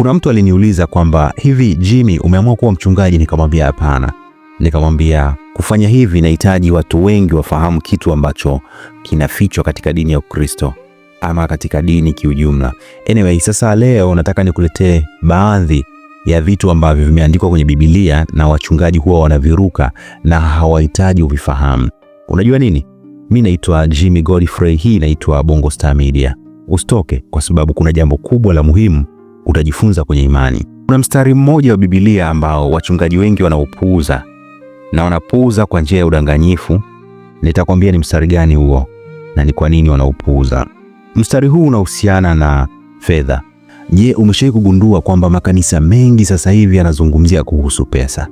Kuna mtu aliniuliza kwamba hivi Jimmy, umeamua kuwa mchungaji? Nikamwambia hapana. Nikamwambia kufanya hivi nahitaji watu wengi wafahamu kitu ambacho kinafichwa katika dini ya Ukristo ama katika dini kiujumla. Anyway, sasa leo nataka nikuletee baadhi ya vitu ambavyo vimeandikwa kwenye Biblia na wachungaji huwa wanaviruka na hawahitaji uvifahamu. Unajua nini? Mi naitwa Jimmy Godfrey, hii inaitwa Bongo Star Media. Usitoke kwa sababu kuna jambo kubwa la muhimu utajifunza kwenye imani. Kuna mstari mmoja wa Biblia ambao wachungaji wengi wanaupuuza na wanapuuza kwa njia ya udanganyifu. Nitakwambia ni mstari gani huo na ni kwa nini wanaupuuza. Mstari huu unahusiana na fedha. Je, umeshawahi kugundua kwamba makanisa mengi sasa hivi yanazungumzia kuhusu pesa,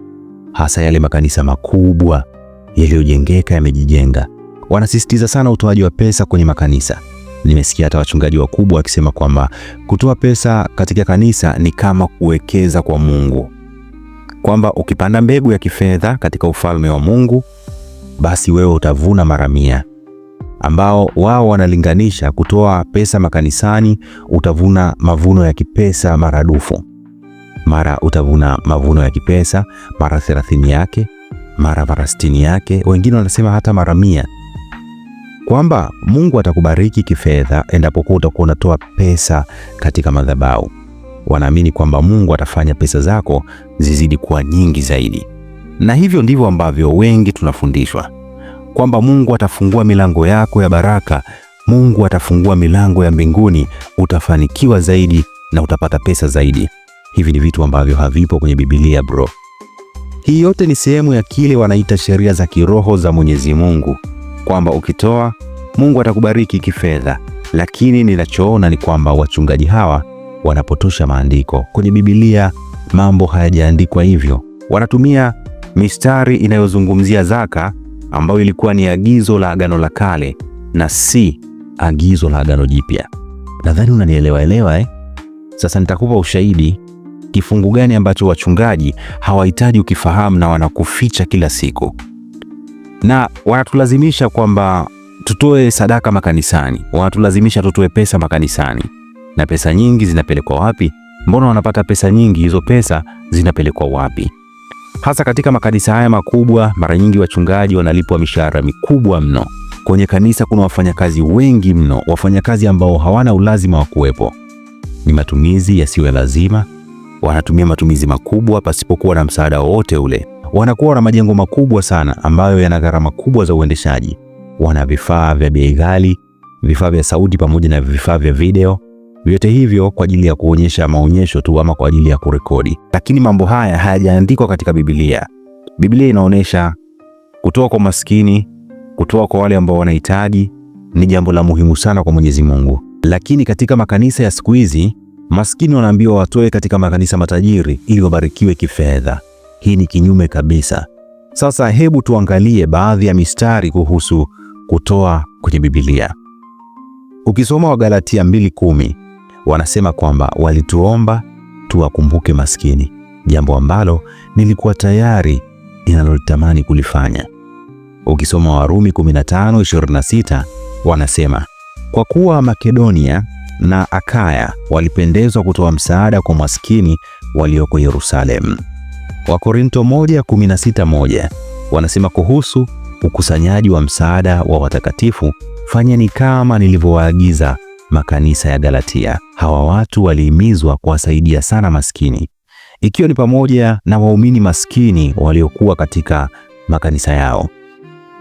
hasa yale makanisa makubwa yaliyojengeka, yamejijenga? Wanasisitiza sana utoaji wa pesa kwenye makanisa, nimesikia hata wachungaji wakubwa wakisema kwamba kutoa pesa katika kanisa ni kama kuwekeza kwa Mungu, kwamba ukipanda mbegu ya kifedha katika ufalme wa Mungu, basi wewe utavuna mara mia, ambao wao wanalinganisha kutoa pesa makanisani, utavuna mavuno ya kipesa maradufu. Mara utavuna mavuno ya kipesa mara thelathini yake, mara mara 60 yake, wengine wanasema hata mara mia kwamba Mungu atakubariki kifedha endapo kuwa utakuwa unatoa pesa katika madhabahu. Wanaamini kwamba Mungu atafanya pesa zako zizidi kuwa nyingi zaidi, na hivyo ndivyo ambavyo wengi tunafundishwa kwamba Mungu atafungua milango yako ya baraka, Mungu atafungua milango ya mbinguni, utafanikiwa zaidi na utapata pesa zaidi. Hivi ni vitu ambavyo havipo kwenye Biblia bro. Hii yote ni sehemu ya kile wanaita sheria za kiroho za Mwenyezi Mungu kwamba ukitoa Mungu atakubariki kifedha, lakini ninachoona ni kwamba wachungaji hawa wanapotosha maandiko. Kwenye Biblia mambo hayajaandikwa hivyo. Wanatumia mistari inayozungumzia zaka ambayo ilikuwa ni agizo la Agano la Kale na si agizo la Agano Jipya. Nadhani unanielewa elewa eh? Sasa nitakupa ushahidi kifungu gani ambacho wachungaji hawahitaji ukifahamu na wanakuficha kila siku na wanatulazimisha kwamba tutoe sadaka makanisani, wanatulazimisha tutoe pesa makanisani. Na pesa nyingi zinapelekwa wapi? Mbona wanapata pesa nyingi? Hizo pesa zinapelekwa wapi? Hasa katika makanisa haya makubwa, mara nyingi wachungaji wanalipwa mishahara mikubwa mno. Kwenye kanisa kuna wafanyakazi wengi mno, wafanyakazi ambao hawana ulazima wa kuwepo. Ni matumizi yasiyo ya lazima, wanatumia matumizi makubwa pasipokuwa na msaada wowote ule wanakuwa na majengo makubwa sana ambayo yana gharama kubwa za uendeshaji. Wana vifaa vya bei ghali, vifaa vya sauti pamoja na vifaa vya video, vyote hivyo kwa ajili ya kuonyesha maonyesho tu ama kwa ajili ya kurekodi. Lakini mambo haya hayajaandikwa katika Biblia. Biblia inaonyesha kutoa kwa maskini, kutoa kwa wale ambao wanahitaji ni jambo la muhimu sana kwa Mwenyezi Mungu, lakini katika makanisa ya siku hizi maskini wanaambiwa watoe katika makanisa matajiri ili wabarikiwe kifedha. Hii ni kinyume kabisa. Sasa hebu tuangalie baadhi ya mistari kuhusu kutoa kwenye Biblia. Ukisoma Wagalatia 2:10 wanasema kwamba walituomba tuwakumbuke maskini, jambo ambalo nilikuwa tayari ninalotamani kulifanya. Ukisoma Warumi 15:26 wanasema kwa kuwa Makedonia na Akaya walipendezwa kutoa msaada kwa maskini walioko Yerusalemu. Wakorinto 1:16:1 wanasema kuhusu ukusanyaji wa msaada wa watakatifu, fanyeni kama nilivyowaagiza makanisa ya Galatia. Hawa watu walihimizwa kuwasaidia sana maskini, ikiwa ni pamoja na waumini maskini waliokuwa katika makanisa yao.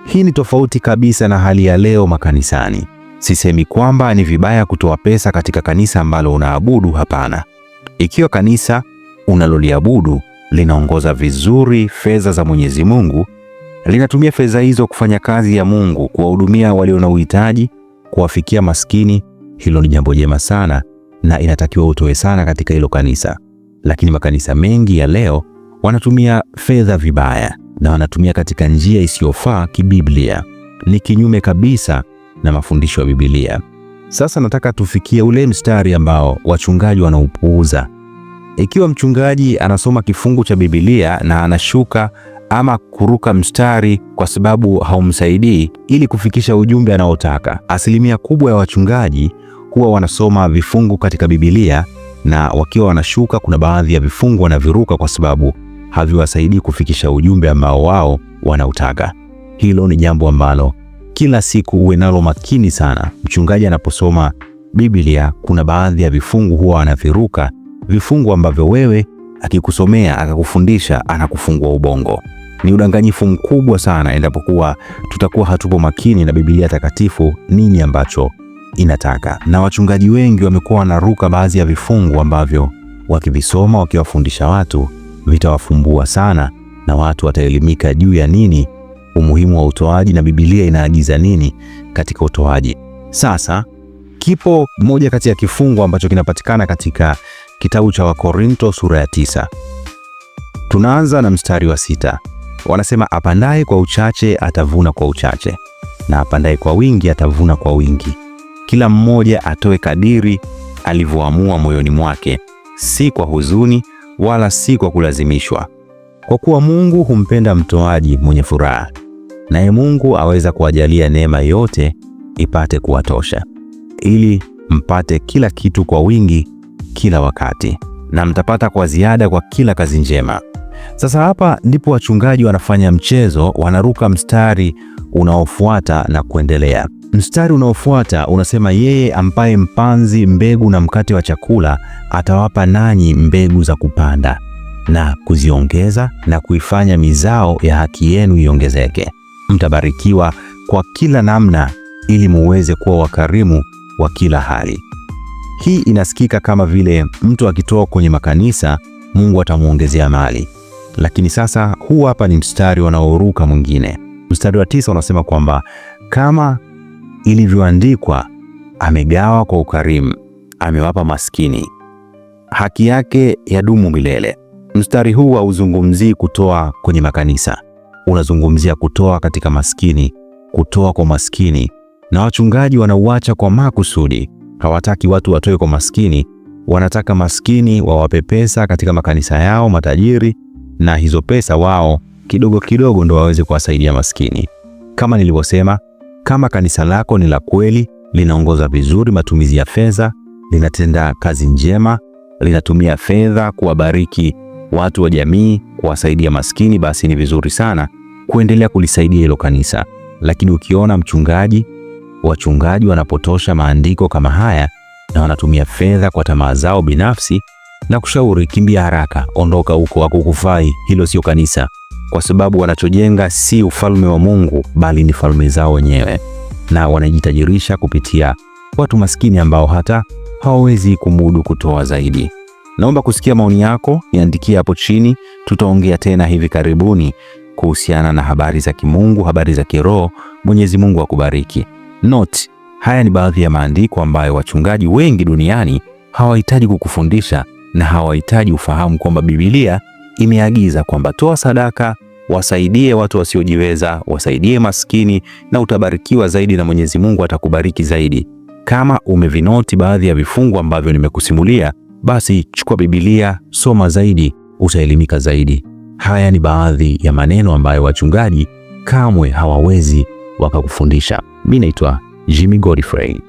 Hii ni tofauti kabisa na hali ya leo makanisani. Sisemi kwamba ni vibaya kutoa pesa katika kanisa ambalo unaabudu, hapana. Ikiwa kanisa unaloliabudu linaongoza vizuri fedha za Mwenyezi Mungu, linatumia fedha hizo kufanya kazi ya Mungu, kuwahudumia walio na uhitaji, kuwafikia maskini. Hilo ni jambo jema sana na inatakiwa utoe sana katika hilo kanisa, lakini makanisa mengi ya leo wanatumia fedha vibaya na wanatumia katika njia isiyofaa kibiblia. Ni kinyume kabisa na mafundisho ya Biblia. Sasa nataka tufikie ule mstari ambao wachungaji wanaupuuza ikiwa mchungaji anasoma kifungu cha Biblia na anashuka ama kuruka mstari kwa sababu haumsaidii ili kufikisha ujumbe anaotaka, asilimia kubwa ya wachungaji huwa wanasoma vifungu katika Biblia na wakiwa wanashuka, kuna baadhi ya vifungu wanaviruka kwa sababu haviwasaidii kufikisha ujumbe ambao wao wanautaka. Hilo ni jambo ambalo kila siku uwe nalo makini sana. Mchungaji anaposoma Biblia, kuna baadhi ya vifungu huwa anaviruka vifungu ambavyo wewe akikusomea akakufundisha anakufungua ubongo. Ni udanganyifu mkubwa sana endapokuwa tutakuwa hatupo makini na Biblia takatifu, nini ambacho inataka. Na wachungaji wengi wamekuwa wanaruka baadhi ya vifungu ambavyo wakivisoma wakiwafundisha watu vitawafumbua sana, na watu wataelimika juu ya nini umuhimu wa utoaji na Biblia inaagiza nini katika utoaji. Sasa kipo moja kati ya kifungu ambacho kinapatikana katika kitabu cha Wakorinto sura ya tisa. Tunaanza na mstari wa sita. Wanasema apandaye kwa uchache atavuna kwa uchache na apandaye kwa wingi atavuna kwa wingi. Kila mmoja atoe kadiri alivyoamua moyoni mwake, si kwa huzuni wala si kwa kulazimishwa, kwa kuwa Mungu humpenda mtoaji mwenye furaha, naye Mungu aweza kuwajalia neema yote ipate kuwatosha, ili mpate kila kitu kwa wingi kila wakati na mtapata kwa ziada kwa kila kazi njema. Sasa hapa ndipo wachungaji wanafanya mchezo, wanaruka mstari unaofuata na kuendelea. Mstari unaofuata unasema, yeye ambaye mpanzi mbegu na mkate wa chakula atawapa nanyi mbegu za kupanda na kuziongeza na kuifanya mizao ya haki yenu iongezeke. Mtabarikiwa kwa kila namna, ili muweze kuwa wakarimu wa kila hali. Hii inasikika kama vile mtu akitoa kwenye makanisa Mungu atamwongezea mali, lakini sasa huu hapa ni mstari wanaoruka mwingine. Mstari wa tisa unasema kwamba kama ilivyoandikwa, amegawa kwa ukarimu, amewapa maskini, haki yake ya dumu milele. Mstari huu hauzungumzii kutoa kwenye makanisa, unazungumzia kutoa katika maskini, kutoa kwa maskini, na wachungaji wanauacha kwa makusudi hawataki watu watoe kwa maskini, wanataka maskini wawape pesa katika makanisa yao matajiri, na hizo pesa wao kidogo kidogo ndo waweze kuwasaidia maskini. Kama nilivyosema, kama kanisa lako ni la kweli, linaongoza vizuri matumizi ya fedha, linatenda kazi njema, linatumia fedha kuwabariki watu wa jamii, kuwasaidia maskini, basi ni vizuri sana kuendelea kulisaidia hilo kanisa. Lakini ukiona mchungaji wachungaji wanapotosha maandiko kama haya na wanatumia fedha kwa tamaa zao binafsi na kushauri, kimbia haraka, ondoka huko, hakukufai hilo, sio kanisa, kwa sababu wanachojenga si ufalme wa Mungu bali ni falme zao wenyewe, na wanajitajirisha kupitia watu maskini ambao hata hawawezi kumudu kutoa zaidi. Naomba kusikia maoni yako, niandikie hapo chini. Tutaongea tena hivi karibuni kuhusiana na habari za kimungu, habari za kiroho. Mwenyezi Mungu akubariki. Note: haya ni baadhi ya maandiko ambayo wachungaji wengi duniani hawahitaji kukufundisha na hawahitaji ufahamu kwamba Biblia imeagiza kwamba toa sadaka, wasaidie watu wasiojiweza, wasaidie maskini na utabarikiwa zaidi, na Mwenyezi Mungu atakubariki zaidi. Kama umevinoti baadhi ya vifungu ambavyo nimekusimulia, basi chukua Biblia, soma zaidi, utaelimika zaidi. Haya ni baadhi ya maneno ambayo wachungaji kamwe hawawezi wakakufundisha. Mi naitwa Jimmy Godfrey.